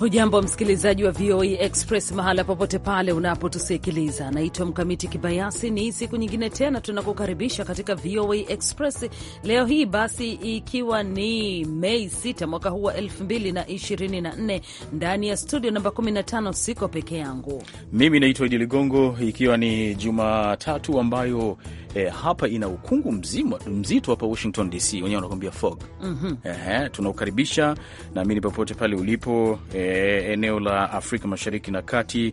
Hujambo msikilizaji wa VOA e Express mahala popote pale unapotusikiliza, naitwa Mkamiti Kibayasi. Ni siku nyingine tena tunakukaribisha katika VOA e Express leo hii basi, ikiwa ni Mei 6 mwaka huu wa 2024. Ndani ya studio namba 15 siko peke yangu, mimi naitwa Idi Ligongo, ikiwa ni Jumatatu ambayo eh, hapa ina ukungu mzima mzito hapa Washington DC, wenyewe wanakuambia fog. mm -hmm. Eh, naamini popote pale ulipo eh, eneo la Afrika Mashariki na Kati,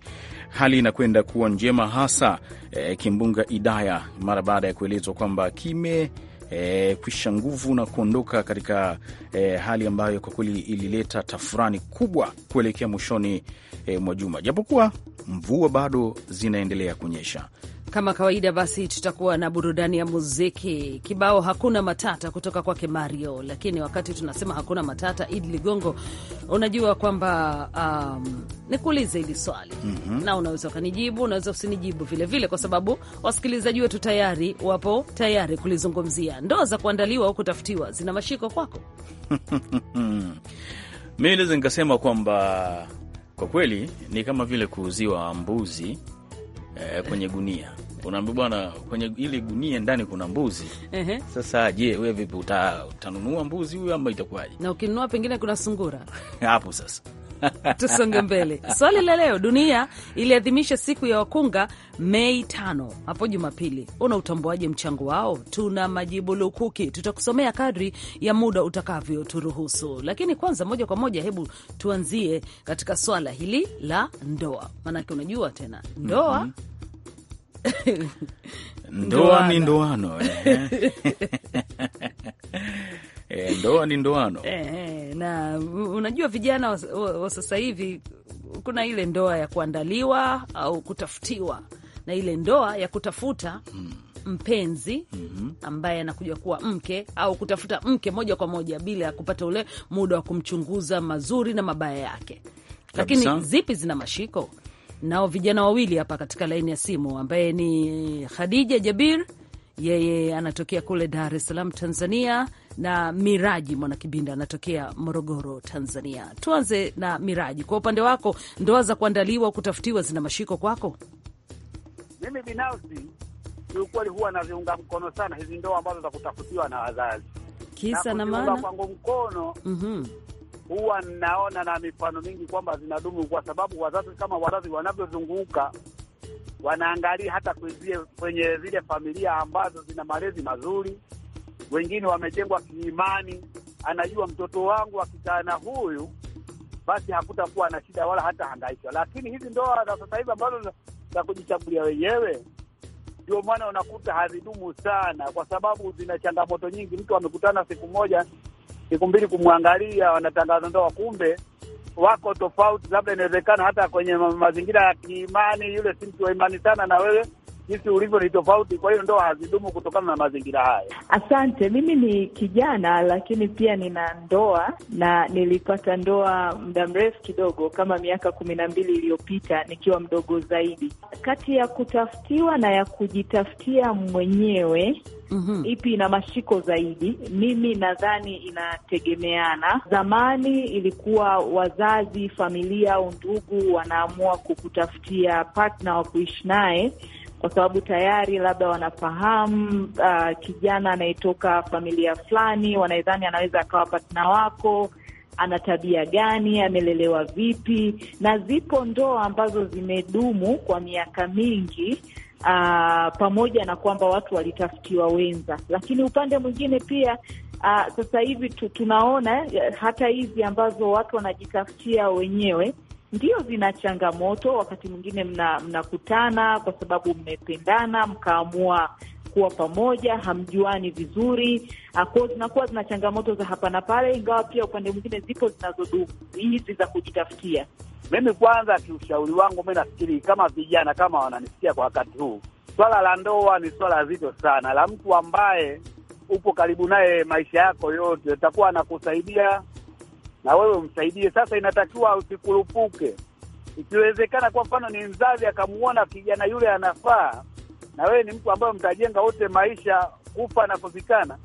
hali inakwenda kuwa njema, hasa eh, kimbunga Idaya mara baada ya kuelezwa kwamba kime E, kwisha nguvu na kuondoka katika e, hali ambayo kwa kweli ilileta tafurani kubwa kuelekea mwishoni e, mwa juma, japokuwa mvua bado zinaendelea kunyesha. Kama kawaida basi, tutakuwa na burudani ya muziki kibao, hakuna matata kutoka kwake Mario. Lakini wakati tunasema hakuna matata, Idi Ligongo, unajua kwamba um, nikuulize hili swali mm -hmm. na unaweza ukanijibu, unaweza usinijibu vilevile vile, kwa sababu wasikilizaji wetu tayari wapo tayari kulizungumzia. Ndoa za kuandaliwa au kutafutiwa zina mashiko kwako? Mi naweza nikasema kwamba kwa kweli ni kama vile kuuziwa mbuzi eh, kwenye gunia unaambia bwana, kwenye ili gunia ndani kuna mbuzi. Ehe. Sasa je, wewe vipi utanunua mbuzi huyo ama itakuwaje? Na ukinunua pengine kuna sungura hapo sasa Tusonge mbele. Swali la leo, dunia iliadhimisha siku ya wakunga Mei tano hapo Jumapili. Una utambuaje mchango wao? Tuna majibu lukuki, tutakusomea kadri ya muda utakavyoturuhusu, lakini kwanza, moja kwa moja, hebu tuanzie katika swala hili la ndoa, maanake unajua tena ndoa mm -hmm. Ndoa ni ndoano eh. E, ndoa ni ndoano. E, na unajua vijana wa sasa hivi kuna ile ndoa ya kuandaliwa au kutafutiwa na ile ndoa ya kutafuta hmm. mpenzi hmm. ambaye anakuja kuwa mke au kutafuta mke moja kwa moja bila ya kupata ule muda wa kumchunguza mazuri na mabaya yake. Lakini Kabisa, zipi zina mashiko? Nao vijana wawili hapa katika laini ya simu, ambaye ni Khadija Jabir, yeye anatokea kule Dar es Salaam, Tanzania, na Miraji Mwanakibinda anatokea Morogoro, Tanzania. Tuanze na Miraji, kwa upande wako, ndoa za kuandaliwa kutafutiwa zina mashiko kwako? Mimi binafsi kiukweli, huwa naziunga mkono sana hizi ndoa ambazo za kutafutiwa na wazazi, kisa na maana kwangu mkono mm -hmm huwa naona na mifano mingi kwamba zinadumu kwa sababu wazazi kama wazazi wanavyozunguka wanaangalia hata kwenye zile familia ambazo zina malezi mazuri, wengine wamejengwa kiimani. Anajua mtoto wangu akikaa na huyu basi hakutakuwa na shida wala hata hangaishwa. Lakini hizi ndoa za sasa hivi ambazo za kujichagulia wenyewe, ndio maana unakuta hazidumu sana, kwa sababu zina changamoto nyingi. Mtu amekutana siku moja, siku mbili, kumwangalia, wanatangaza ndoa, kumbe wako tofauti. Labda inawezekana hata kwenye mazingira ya kiimani, yule si mtu wa imani sana na wewe jinsi ulivyo ni tofauti, kwa hiyo ndoa hazidumu kutokana na mazingira hayo. Asante. Mimi ni kijana lakini pia nina ndoa na nilipata ndoa muda mrefu kidogo, kama miaka kumi na mbili iliyopita nikiwa mdogo zaidi. Kati ya kutafutiwa na ya kujitafutia mwenyewe Mm -hmm. Ipi ina mashiko zaidi? Mimi nadhani inategemeana. Zamani ilikuwa wazazi, familia au ndugu wanaamua kukutafutia partner wa kuishi naye kwa sababu tayari labda wanafahamu uh, kijana anayetoka familia fulani, wanadhani anaweza akawa patna wako, ana tabia gani, amelelewa vipi, na zipo ndoa ambazo zimedumu kwa miaka mingi. Uh, pamoja na kwamba watu walitafutiwa wenza, lakini upande mwingine pia uh, sasa hivi tunaona eh, hata hizi ambazo watu wanajitafutia wenyewe ndio zina changamoto. Wakati mwingine mnakutana mna, kwa sababu mmependana mkaamua kuwa pamoja, hamjuani vizuri, ah, kwao zinakuwa zina changamoto za hapa na pale, ingawa pia upande mwingine zipo zinazodumu hizi za kujitafutia. Mimi kwanza, kiushauri wangu mi nafikiri kama vijana kama wananisikia kwa wakati huu, swala la ndoa ni swala zito sana la mtu ambaye upo karibu naye maisha yako yote, atakuwa anakusaidia na wewe umsaidie. Sasa inatakiwa usikurupuke, ikiwezekana. Kwa mfano, ni mzazi akamuona kijana yule anafaa, na wewe ni mtu ambaye mtajenga wote maisha kufa na kuzikana,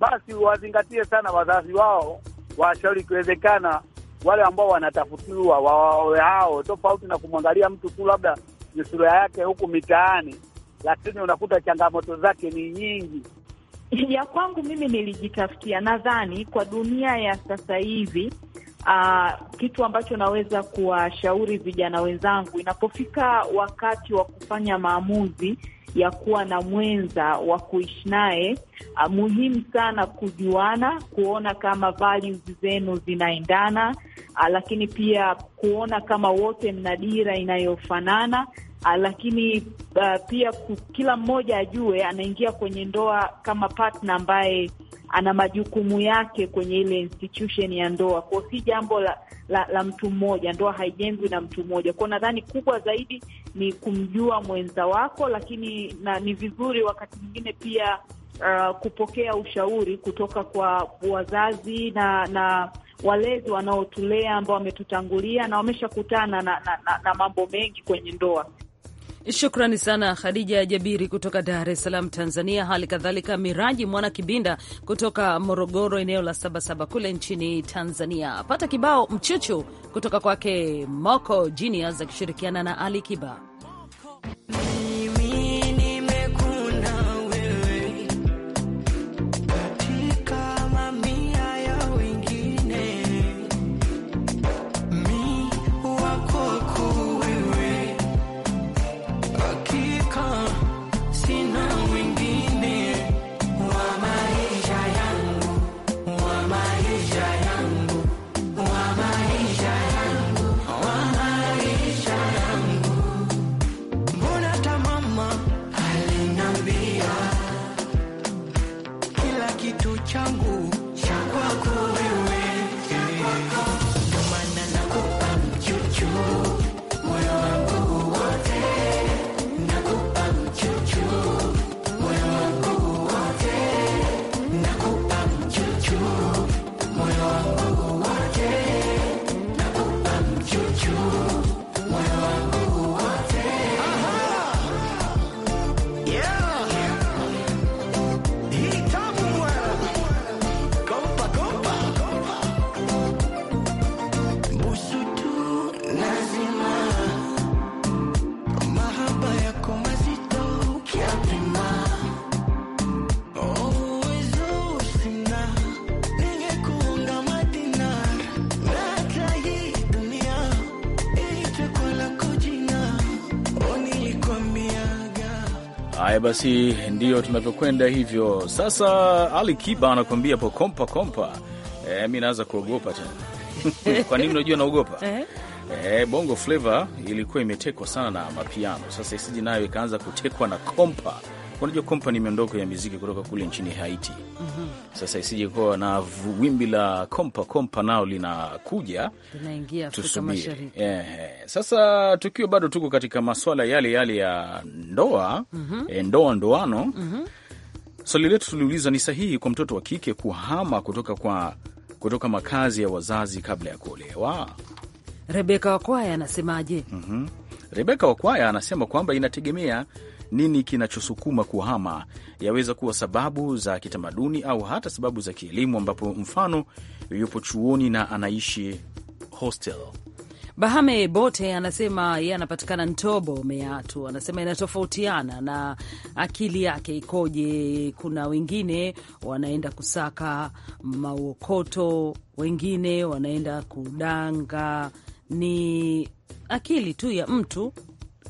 basi wazingatie sana wazazi wao, washauri ikiwezekana wale ambao wanatafutiwa wawawe hao, tofauti na kumwangalia mtu tu labda ni sura yake huku mitaani, lakini unakuta changamoto zake ni nyingi. ya kwangu mimi nilijitafutia, nadhani kwa dunia ya sasa hivi Uh, kitu ambacho naweza kuwashauri vijana wenzangu, inapofika wakati wa kufanya maamuzi ya kuwa na mwenza wa kuishi naye, uh, muhimu sana kujuana, kuona kama values zenu zinaendana, uh, lakini pia kuona kama wote mna dira inayofanana Ah, lakini uh, pia kila mmoja ajue anaingia kwenye ndoa kama partner ambaye ana majukumu yake kwenye ile institution ya ndoa, kwa si jambo la, la, la mtu mmoja. Ndoa haijengwi na mtu mmoja, kwa nadhani kubwa zaidi ni kumjua mwenza wako, lakini na ni vizuri wakati mwingine pia uh, kupokea ushauri kutoka kwa wazazi na na walezi wanaotulea ambao wametutangulia na wameshakutana na, na, na, na mambo mengi kwenye ndoa. Shukrani sana Khadija Jabiri kutoka Dar es Salaam, Tanzania. Hali kadhalika Miraji Mwana Kibinda kutoka Morogoro, eneo la Sabasaba kule nchini Tanzania. Pata kibao mchuchu kutoka kwake Moko Genius akishirikiana na Ali Kiba. Haya basi, ndiyo tunavyokwenda hivyo sasa. Ali Kiba anakuambia po kompa. E, mi naanza kuogopa tena. Kwa nini? Unajua naogopa eh? E, bongo flava ilikuwa imetekwa sana na mapiano, sasa isiji nayo ikaanza kutekwa na kompa Unajua, kompani miondoko ya miziki kutoka kule nchini Haiti. mm -hmm. Sasa isije kuwa na wimbi la kompa kompa, nao linakuja, tunaingia Mashariki. Yeah. Sasa tukiwa bado tuko katika maswala yale yale ya ndoa, mm -hmm. ndoa ndoano, mm -hmm. swali letu tuliuliza, ni sahihi kwa mtoto wa kike kuhama kutoka, kwa, kutoka makazi ya wazazi kabla ya kuolewa? Rebeka Wakwaya anasemaje? mm -hmm. Rebeka Wakwaya anasema kwamba inategemea nini kinachosukuma kuhama. Yaweza kuwa sababu za kitamaduni au hata sababu za kielimu, ambapo mfano yupo chuoni na anaishi hostel. Bahame Bote anasema yeye anapatikana Ntobo Meatu. Anasema inatofautiana na akili yake ikoje. Kuna wengine wanaenda kusaka mauokoto, wengine wanaenda kudanga. Ni akili tu ya mtu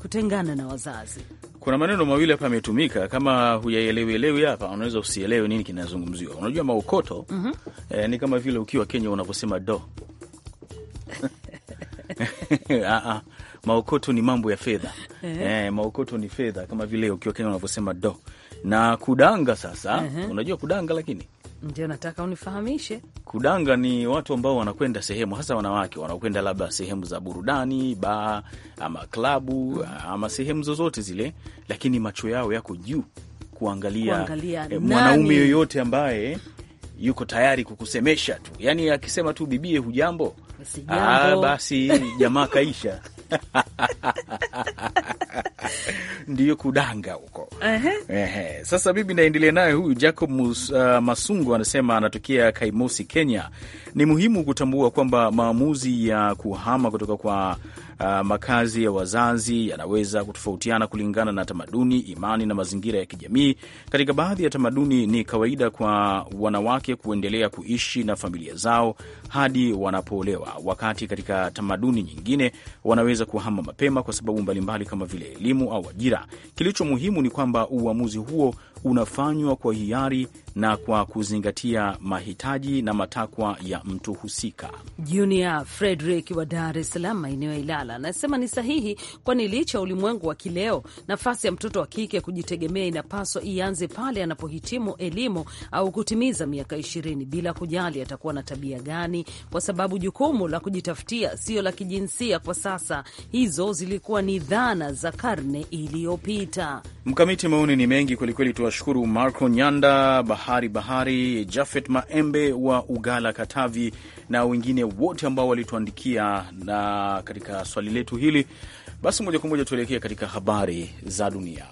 kutengana na wazazi kuna maneno mawili hapa yametumika, kama huyaelewielewi hapa, unaweza usielewe nini kinazungumziwa. Unajua maokoto mm -hmm. eh, ni kama vile ukiwa Kenya unavyosema do ah, ah. maokoto ni mambo ya fedha eh, eh maokoto ni fedha, kama vile ukiwa Kenya unavyosema do na kudanga. Sasa eh. unajua kudanga, lakini ndio nataka unifahamishe. Kudanga ni watu ambao wanakwenda sehemu, hasa wanawake wanakwenda labda sehemu za burudani, baa ama klabu ama sehemu zozote zile, lakini macho yao yako juu kuangalia, kuangalia eh, mwanaume yoyote ambaye yuko tayari kukusemesha tu, yaani akisema tu bibie hujambo, basi ah, jamaa kaisha ndiyo kudanga huko. uh-huh. sasa mimi naendelea naye huyu Jacob Mus, uh, Masungu anasema anatokea Kaimosi, Kenya. Ni muhimu kutambua kwamba maamuzi ya kuhama kutoka kwa uh, makazi ya wazazi yanaweza kutofautiana kulingana na tamaduni, imani na mazingira ya kijamii. Katika baadhi ya tamaduni ni kawaida kwa wanawake kuendelea kuishi na familia zao hadi wanapoolewa, wakati katika tamaduni nyingine wanaweza kuhama mapema kwa sababu mbalimbali kama vile elimu au ajira. Kilicho muhimu ni kwamba uamuzi huo unafanywa kwa hiari na kwa kuzingatia mahitaji na matakwa ya mtu husika. Junior Frederick wa Dar es Salaam, maeneo ya Ilala, anasema ni sahihi, kwani licha ya ulimwengu wa kileo, nafasi ya mtoto wa kike kujitegemea inapaswa ianze pale anapohitimu elimu au kutimiza miaka ishirini, bila kujali atakuwa na tabia gani, kwa sababu jukumu la kujitafutia sio la kijinsia kwa sasa. Hizo zilikuwa ni dhana za karne iliyopita. Mkamiti maoni ni mengi kwelikweli. Tuwashukuru Marco Nyanda bah Bahari Bahari, Jafet Maembe wa Ugala Katavi, na wengine wote ambao walituandikia na katika swali letu hili. Basi moja kwa moja tuelekee katika habari za dunia.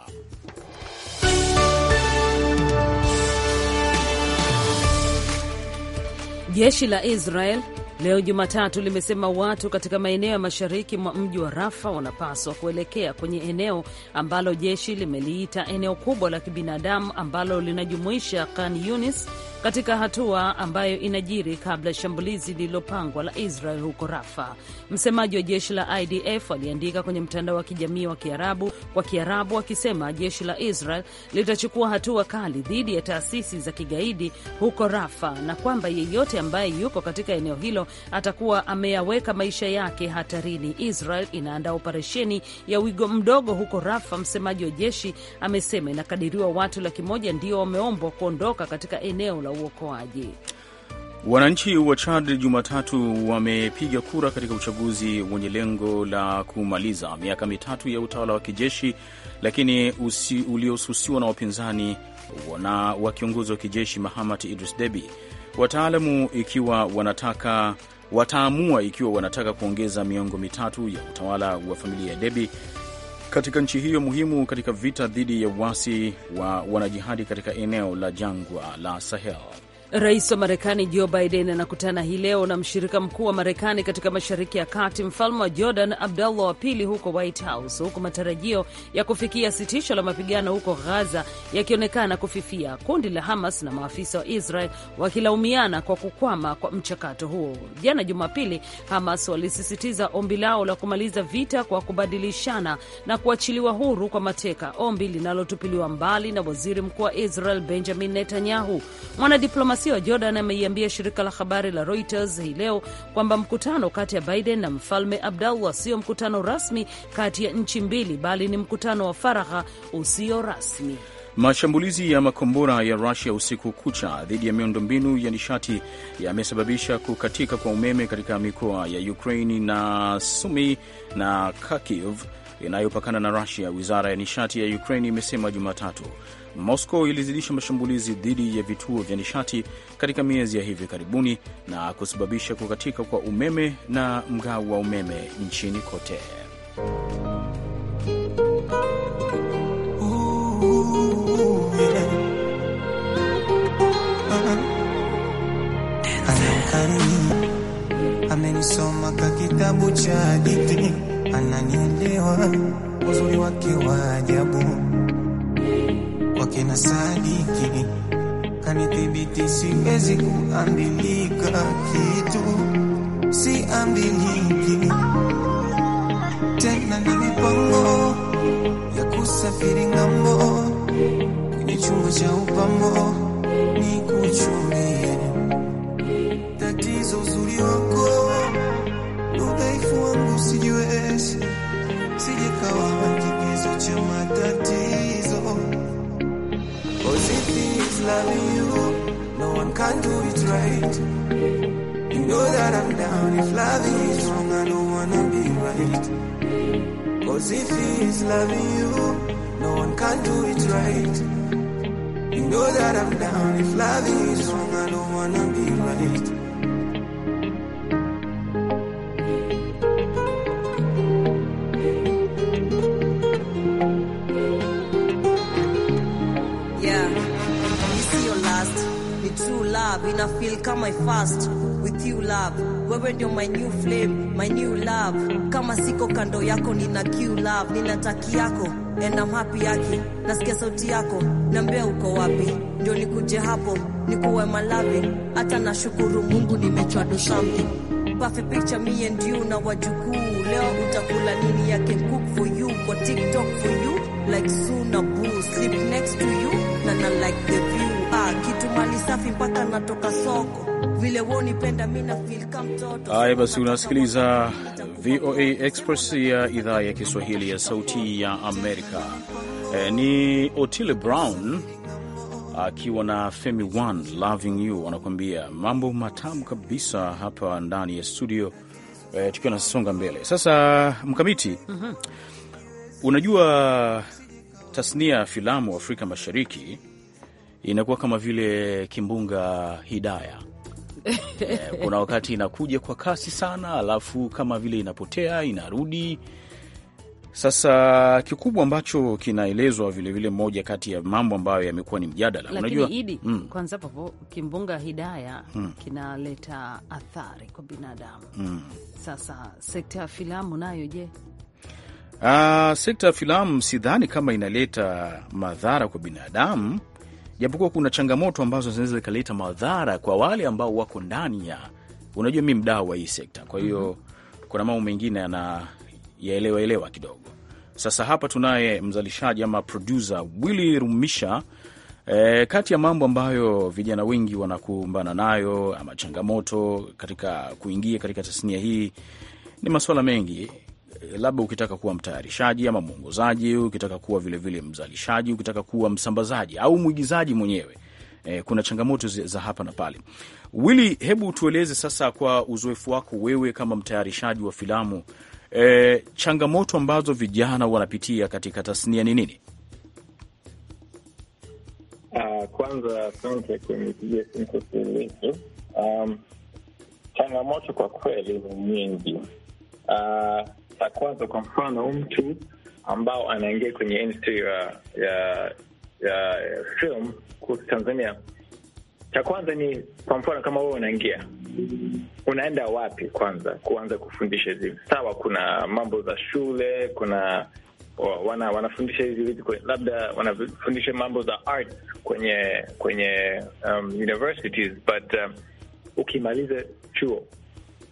Jeshi la Israel leo Jumatatu limesema watu katika maeneo ya mashariki mwa mji wa Rafa wanapaswa kuelekea kwenye eneo ambalo jeshi limeliita eneo kubwa la kibinadamu ambalo linajumuisha Khan Yunis katika hatua ambayo inajiri kabla ya shambulizi lililopangwa la Israel huko Rafa. Msemaji wa jeshi la IDF aliandika kwenye mtandao wa kijamii wa Kiarabu kwa Kiarabu akisema jeshi la Israel litachukua hatua kali dhidi ya taasisi za kigaidi huko Rafa na kwamba yeyote ambaye yuko katika eneo hilo atakuwa ameyaweka maisha yake hatarini. Israel inaandaa operesheni ya wigo mdogo huko Rafa, msemaji wa jeshi amesema. Inakadiriwa watu laki moja ndio wameombwa kuondoka katika eneo la uokoaji. Wananchi wa Chad Jumatatu wamepiga kura katika uchaguzi wenye lengo la kumaliza miaka mitatu ya utawala wa kijeshi, lakini uliosusiwa na wapinzani na wa kiongozi wa kijeshi Mahamat Idris debi Wataalamu ikiwa wanataka wataamua ikiwa wanataka kuongeza miongo mitatu ya utawala wa familia ya debi katika nchi hiyo muhimu katika vita dhidi ya uasi wa wanajihadi katika eneo la jangwa la Sahel. Rais wa Marekani Joe Biden anakutana hii leo na mshirika mkuu wa Marekani katika Mashariki ya Kati, mfalme wa Jordan Abdullah wa pili huko White House, huku matarajio ya kufikia sitisho la mapigano huko Ghaza yakionekana kufifia, kundi la Hamas na maafisa wa Israel wakilaumiana kwa kukwama kwa mchakato huo. Jana Jumapili, Hamas walisisitiza ombi lao la kumaliza vita kwa kubadilishana na kuachiliwa huru kwa mateka, ombi linalotupiliwa mbali na waziri mkuu wa Israel Benjamin Netanyahu. Mwanadiploma Mwanadiplomasia wa Jordan ameiambia shirika la habari la Reuters hii leo kwamba mkutano kati ya Biden na Mfalme Abdallah sio mkutano rasmi kati ya nchi mbili, bali ni mkutano wa faragha usio rasmi. Mashambulizi ya makombora ya Rusia usiku kucha dhidi ya miundombinu ya nishati yamesababisha kukatika kwa umeme katika mikoa ya Ukraini na Sumi na Kharkiv inayopakana na Rusia. Wizara ya nishati ya Ukraini imesema Jumatatu Moscow ilizidisha mashambulizi dhidi ya vituo vya nishati katika miezi ya hivi karibuni na kusababisha kukatika kwa umeme na mgao wa umeme nchini kote. Amenisoma ka kitabu cha hadithi, ananielewa uzuri wake wa ajabu kwake na sadiki kanithibiti, siwezi kuambilika kitu, siambiliki tena. Ni mipango ya kusafiri ng'ambo, kwenye chumba cha upambo ni kuchumie tatizo, uzuri wako udhaifu wangu sijiwezi, sijekawa kigezo cha matatizo is loving you. No one can do it right. You know that I'm down. If loving is wrong, I don't wanna be right. Cause if he is loving you, no one can do it right. You know that I'm down. If loving is wrong, I don't wanna be right. ina feel kama fast with you love, wewe ndio my new flame, my new love. Kama siko kando yako nina kiu love, nina taki yako and I'm happy yake. Nasikia sauti yako niambia uko wapi? Ndio nikuje hapo nikuwe love hata nashukuru Mungu nimechwa do something perfect picture me and you na wajukuu leo utakula nini yake cook for you kwa TikTok for you like soon na boo sleep next to you na na like the kitu mali safi mpaka natoka soko vile wonipenda na feel kama mtoto. Haya basi, unasikiliza VOA Express ya idhaa ya Kiswahili ya Sauti ya Amerika. E, ni Otile Brown akiwa na Femi One loving you, anakuambia mambo matamu kabisa hapa ndani ya studio. E, tukiwa nasonga mbele sasa, mkamiti mm -hmm. Unajua tasnia ya filamu Afrika Mashariki inakuwa kama vile kimbunga Hidaya. Eh, kuna wakati inakuja kwa kasi sana, alafu kama vile inapotea inarudi. Sasa kikubwa ambacho kinaelezwa vilevile, moja kati ya mambo ambayo yamekuwa ni mjadala, unajua idi mm. Kwanza papo kimbunga Hidaya mm. kinaleta athari kwa binadamu mm. Sasa sekta ya filamu nayo je? Uh, sekta ya filamu sidhani kama inaleta madhara kwa binadamu japokuwa kuna changamoto ambazo zinaweza zikaleta madhara kwa wale ambao wako ndani ya, unajua mi mdau wa hii sekta, kwa hiyo mm -hmm. kuna mambo mengine yanayaelewaelewa kidogo. Sasa hapa tunaye mzalishaji ama produsa Willy Rumisha. E, kati ya mambo ambayo vijana wengi wanakumbana nayo ama changamoto katika kuingia katika tasnia hii ni masuala mengi Eh, labda ukitaka kuwa mtayarishaji ama mwongozaji, ukitaka kuwa vilevile mzalishaji, ukitaka kuwa msambazaji au mwigizaji mwenyewe e, kuna changamoto za hapa na pale. Wili, hebu tueleze sasa kwa uzoefu wako wewe kama mtayarishaji wa filamu e, changamoto ambazo vijana wanapitia katika tasnia ni nini? Uh, kwanza asante kunipigia simu Um, changamoto kwa kweli ni nyingi. Uh, la kwanza, kwa mfano mtu ambao anaingia kwenye industry ya ya ya film kuhusu Tanzania, cha kwanza ni kwa mfano, kama wewe unaingia unaenda wapi kwanza kuanza kufundisha hizi? Sawa, kuna mambo za shule, kuna wana, wanafundisha hizi vitu labda wanafundisha mambo za art kwenye kwenye um, universities but um, ukimaliza chuo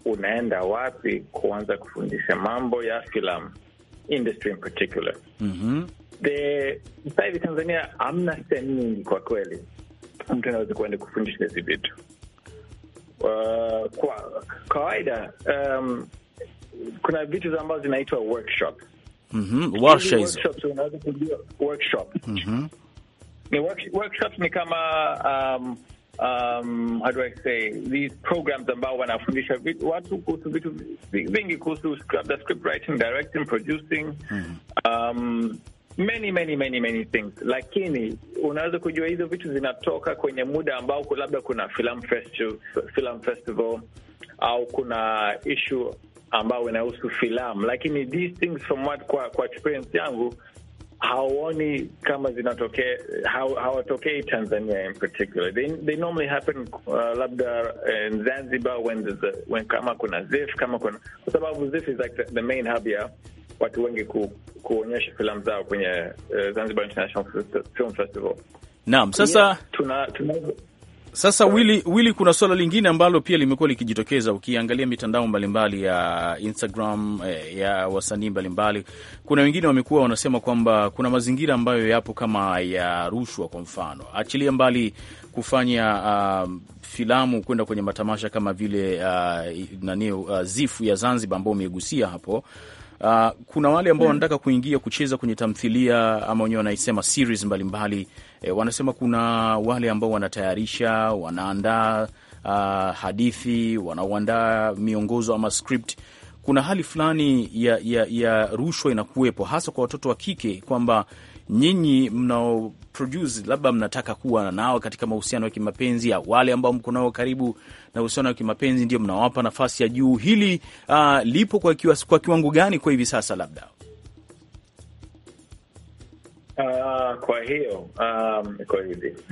unaenda wapi kuanza kufundisha mambo ya filamu industry in particular. Mm -hmm. Sasa hivi Tanzania hamna sehemu nyingi kwa kweli mtu anaweza kuenda kufundisha hizi vitu. Uh, kwa kawaida um, kuna vitu ambazo zinaitwa workshop. Mm -hmm. Workshops workshop. Mm -hmm. Ni work, workshops ni kama um, um, how do I say these programs ambao wanafundisha watu kuhusu vitu vingi kuhusu labda script writing, directing, producing mm. um, many many many many things, lakini unaweza kujua hizo vitu zinatoka kwenye muda ambao labda kuna film festival, film festival au kuna issue ambao inahusu filamu, lakini these things from what, kwa, kwa experience yangu hauoni kama zinatokea hawatokei Tanzania in particular. They, they normally happen uh, labda in Zanzibar when the, when kama kuna ZIF kama kuna kwa sababu ZIF is like the, the main hub ya watu wengi ku, kuonyesha filamu zao kwenye uh, Zanzibar International Film Festival. Naam, sasa yeah, tuna, tuna, tuna sasa willi Willy, kuna suala lingine ambalo pia limekuwa likijitokeza ukiangalia mitandao mbalimbali ya Instagram eh, ya wasanii mbalimbali. Kuna wengine wamekuwa wanasema kwamba kuna mazingira ambayo yapo kama ya rushwa. Kwa mfano, achilia mbali kufanya uh, filamu kwenda kwenye matamasha kama vile uh, nani uh, Zifu ya Zanzibar ambao umegusia hapo Uh, kuna wale ambao hmm. wanataka kuingia kucheza kwenye tamthilia ama wenyewe wanaisema series mbalimbali mbali. Eh, e, wanasema kuna wale ambao wanatayarisha wanaandaa uh, hadithi wanaoandaa miongozo ama script. Kuna hali fulani ya, ya, ya rushwa inakuwepo hasa kwa watoto wa kike kwamba nyinyi mnao produce labda mnataka kuwa nao katika mahusiano ya kimapenzi au wale ambao mko nao karibu na uhusiano wa kimapenzi ndio mnawapa nafasi ya juu. Hili uh, lipo kwa, kiwa, kwa kiwango gani kwa hivi sasa labda? Uh, kwa hiyo um, kwa hivi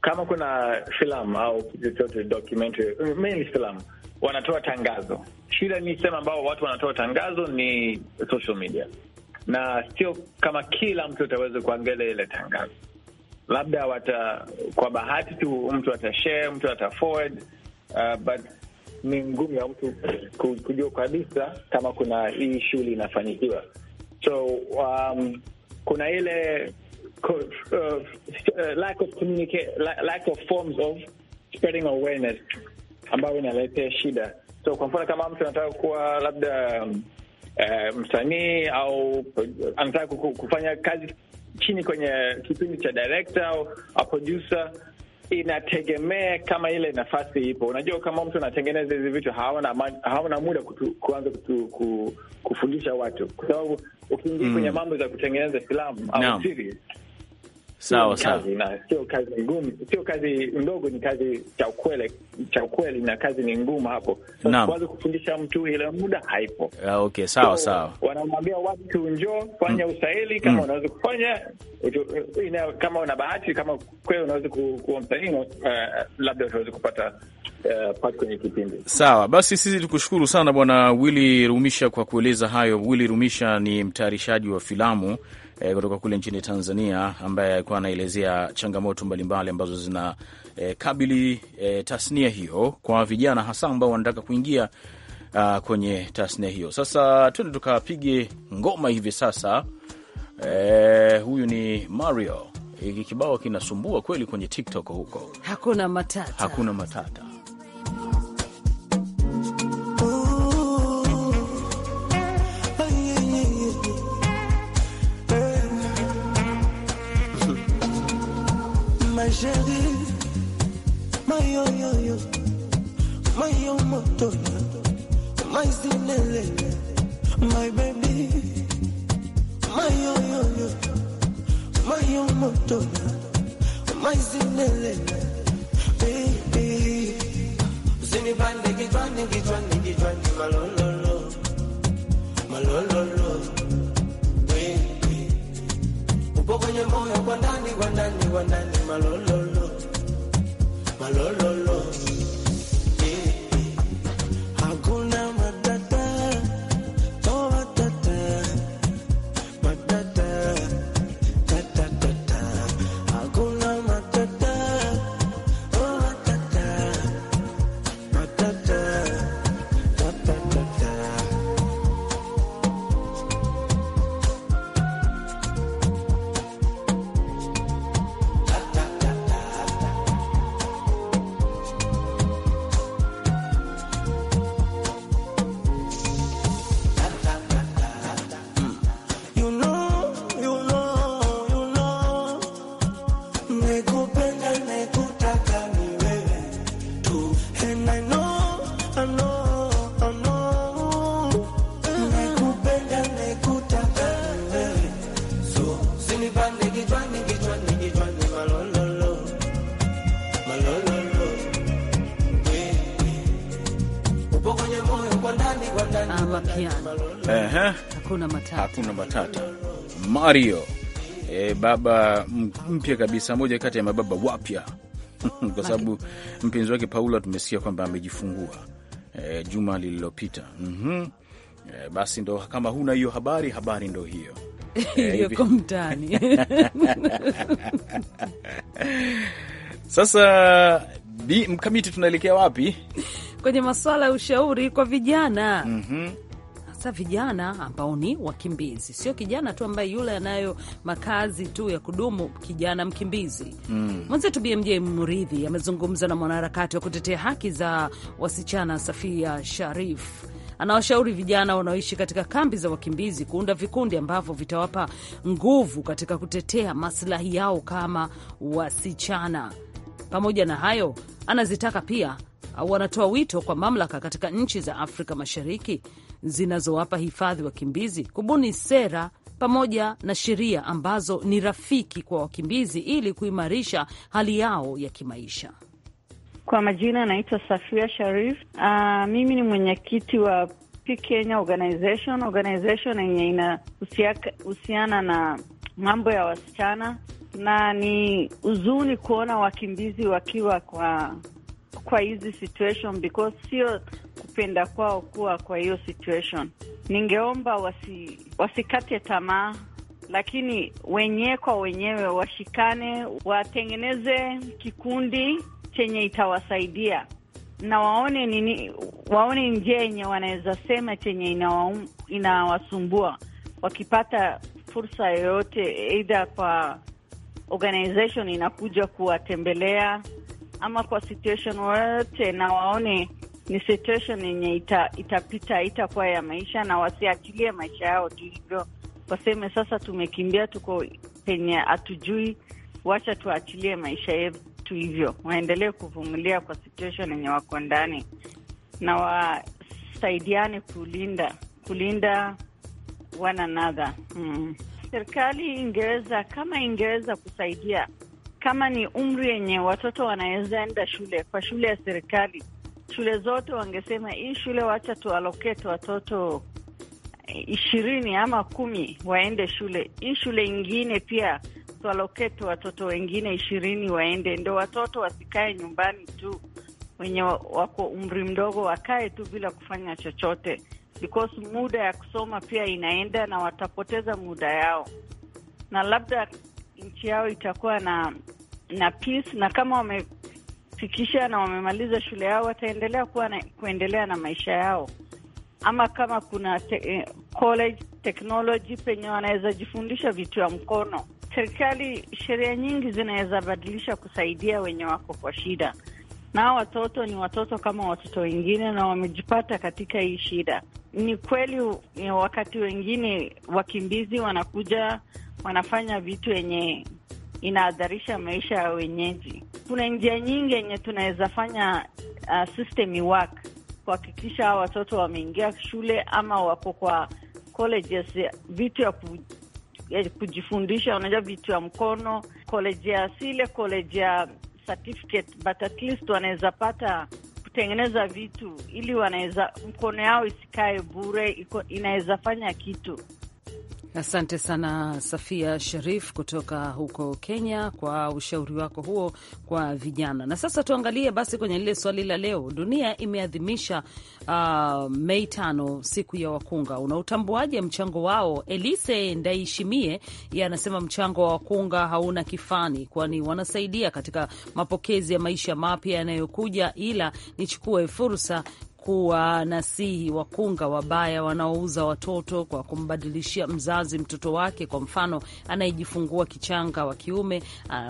kama kuna filamu au chochote documentary, mainly filamu wanatoa tangazo. Shida ni sema ambao watu wanatoa tangazo ni social media na sio kama kila mtu ataweza kuangalia ile tangazo, labda wata, kwa bahati tu mtu atashare, mtu ataforward uh, but ni ngumu ya mtu kujua kabisa kama kuna hii shughuli inafanyikiwa. So um, kuna ile uh, lack of communicate, lack of forms of spreading awareness ambayo inaletea shida. So kwa mfano kama mtu anataka kuwa labda um, Eh, msanii au anataka kufanya kazi chini kwenye kipindi cha director au a producer inategemea kama ile nafasi ipo. Unajua, kama mtu anatengeneza hizi vitu hawana, hawana muda kuanza kufundisha watu, kwa sababu ukiingia kwenye mm. mambo za kutengeneza filamu au series sawa sawa, na sio kazi ngumu, sio kazi ndogo, ni kazi cha ukweli, cha ukweli, na kazi ni ngumu hapo. Sasa kwanza kufundisha mtu ile muda haipo. Uh, okay, sawa so, sawa, wanamwambia watu njoo, fanya mm. usaili kama mm. unaweza kufanya ina, kama una bahati, kama kweli unaweza kuwa msanii uh, labda utaweza kupata uh, kwenye Sawa basi, sisi tukushukuru sana Bwana Willy Rumisha kwa kueleza hayo. Willy Rumisha ni mtayarishaji wa filamu eh, kutoka kule nchini Tanzania ambaye alikuwa anaelezea changamoto mbalimbali ambazo zina eh, kabili eh, tasnia hiyo kwa vijana hasa ambao wanataka kuingia uh, kwenye tasnia hiyo. Sasa tuende tukapige ngoma hivi sasa. Eh, huyu ni Mario. Hiki kibao kinasumbua kweli kwenye TikTok huko, hakuna matata, hakuna matata. chérie, my yo yo malolo hakuna Mario e, baba mpya kabisa, moja kati ya mababa wapya kwa sababu mpenzi wake Paula tumesikia kwamba amejifungua e, juma lililopita. mm -hmm. E, basi ndo kama huna hiyo habari, habari ndo hiyo iliyoko e, mtaani sasa. Bi Mkamiti, tunaelekea wapi? Kwenye masuala ya ushauri kwa vijana. mm -hmm hasa vijana ambao ni wakimbizi, sio kijana tu ambaye yule anayo makazi tu ya kudumu, kijana mkimbizi mm. Mwenzetu BMJ Mridhi amezungumza na mwanaharakati wa kutetea haki za wasichana Safia Sharif anawashauri vijana wanaoishi katika kambi za wakimbizi kuunda vikundi ambavyo vitawapa nguvu katika kutetea maslahi yao kama wasichana. Pamoja na hayo, anazitaka pia au anatoa wito kwa mamlaka katika nchi za Afrika Mashariki zinazowapa hifadhi wakimbizi, kubuni sera pamoja na sheria ambazo ni rafiki kwa wakimbizi ili kuimarisha hali yao ya kimaisha. Kwa majina anaitwa Safia Sharif. Uh, mimi ni mwenyekiti wa Kenya Organization, organization yenye inahusiana na mambo ya wasichana, na ni uzuni kuona wakimbizi wakiwa kwa kwa hizi situation because sio kupenda kwao kuwa kwa hiyo situation. Ningeomba wasi, wasikate tamaa, lakini wenyewe kwa wenyewe washikane, watengeneze kikundi chenye itawasaidia na waone nini, waone njia yenye wanaweza sema chenye inawasumbua inawasumbua. Wakipata fursa yoyote, aidha kwa organization inakuja kuwatembelea ama kwa situation yoyote, na waone ni situation yenye ita, itapita itakuwa ya maisha, na wasiachilie maisha yao tu hivyo, waseme sasa tumekimbia, tuko penye hatujui, wacha tuachilie maisha yetu hivyo. Waendelee kuvumilia kwa situation yenye wako ndani, na wasaidiane kulinda kulinda one another mm. Serikali ingeweza kama ingeweza kusaidia kama ni umri yenye watoto wanaweza enda shule, kwa shule ya serikali, shule zote wangesema hii shule, wacha tualokate watoto ishirini ama kumi waende shule hii, shule ingine pia tualokate watoto wengine ishirini waende, ndo watoto wasikae nyumbani tu, wenye wako umri mdogo wakae tu bila kufanya chochote, because muda ya kusoma pia inaenda na watapoteza muda yao, na labda nchi yao itakuwa na na peace, na kama wamefikisha na wamemaliza shule yao wataendelea kuwa na, kuendelea na maisha yao, ama kama kuna te, eh, college technology penye wanaweza jifundisha vitu ya mkono. Serikali sheria nyingi zinaweza badilisha kusaidia wenye wako kwa shida, na watoto ni watoto kama watoto wengine, na wamejipata katika hii shida. Ni kweli eh, wakati wengine wakimbizi wanakuja wanafanya vitu yenye inaadharisha maisha ya wenyeji. Kuna njia nyingi yenye tunaweza fanya uh, system work kuhakikisha hawa watoto wameingia shule ama wako kwa colleges, vitu ya ku, ya kujifundisha, unajua vitu ya mkono, college ya sile college ya certificate, but at least wanaweza pata kutengeneza vitu ili wanaweza, mkono yao isikae bure, inaweza fanya kitu. Asante sana Safia Sharif kutoka huko Kenya kwa ushauri wako huo kwa vijana. Na sasa tuangalie basi kwenye lile swali la leo. Dunia imeadhimisha uh, Mei tano, siku ya wakunga. Unautambuaje mchango wao? Elise Ndaishimie ye anasema mchango wa wakunga hauna kifani, kwani wanasaidia katika mapokezi ya maisha mapya yanayokuja, ila nichukue fursa nasihi wakunga wabaya wanaouza watoto kwa kumbadilishia mzazi mtoto wake. Kwa mfano, anayejifungua kichanga wa kiume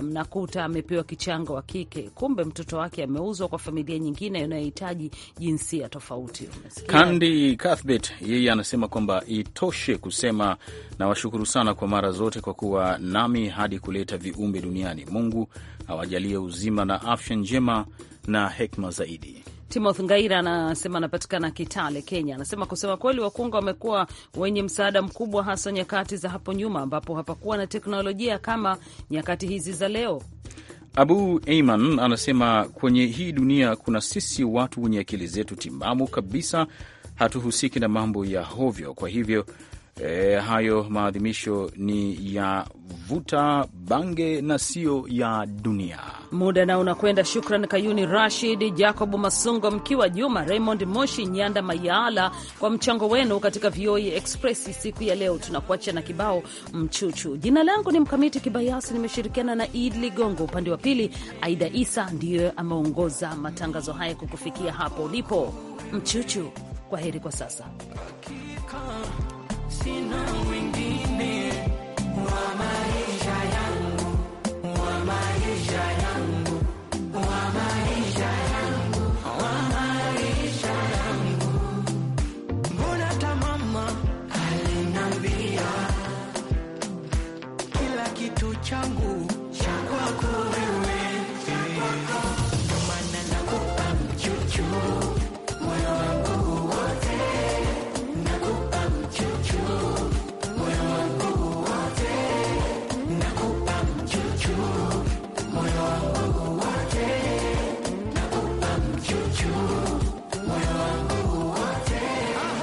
mnakuta um, amepewa kichanga wa kike, kumbe mtoto wake ameuzwa kwa familia nyingine inayohitaji jinsia tofauti. Kandi Cuthbert yeye anasema kwamba itoshe kusema nawashukuru sana kwa mara zote kwa kuwa nami hadi kuleta viumbe duniani. Mungu awajalie uzima na afya njema na hekima zaidi. Timothy Ngaira anasema anapatikana Kitale, Kenya. Anasema kusema kweli, wakunga wamekuwa wenye msaada mkubwa, hasa nyakati za hapo nyuma ambapo hapakuwa na teknolojia kama nyakati hizi za leo. Abu Eiman anasema kwenye hii dunia kuna sisi watu wenye akili zetu timamu kabisa, hatuhusiki na mambo ya hovyo, kwa hivyo E, hayo maadhimisho ni ya vuta bange na sio ya dunia. Muda nao unakwenda. Shukran Kayuni Rashid, Jacob Masungo, mkiwa Juma, Raymond Moshi, Nyanda Mayala kwa mchango wenu katika VOA e Express siku ya leo. Tunakuacha na kibao mchuchu. Jina langu ni Mkamiti Kibayasi, nimeshirikiana na Id Ligongo upande wa pili. Aida Isa ndiyo ameongoza matangazo haya kukufikia hapo ulipo. Mchuchu, kwa heri kwa sasa. sina wengine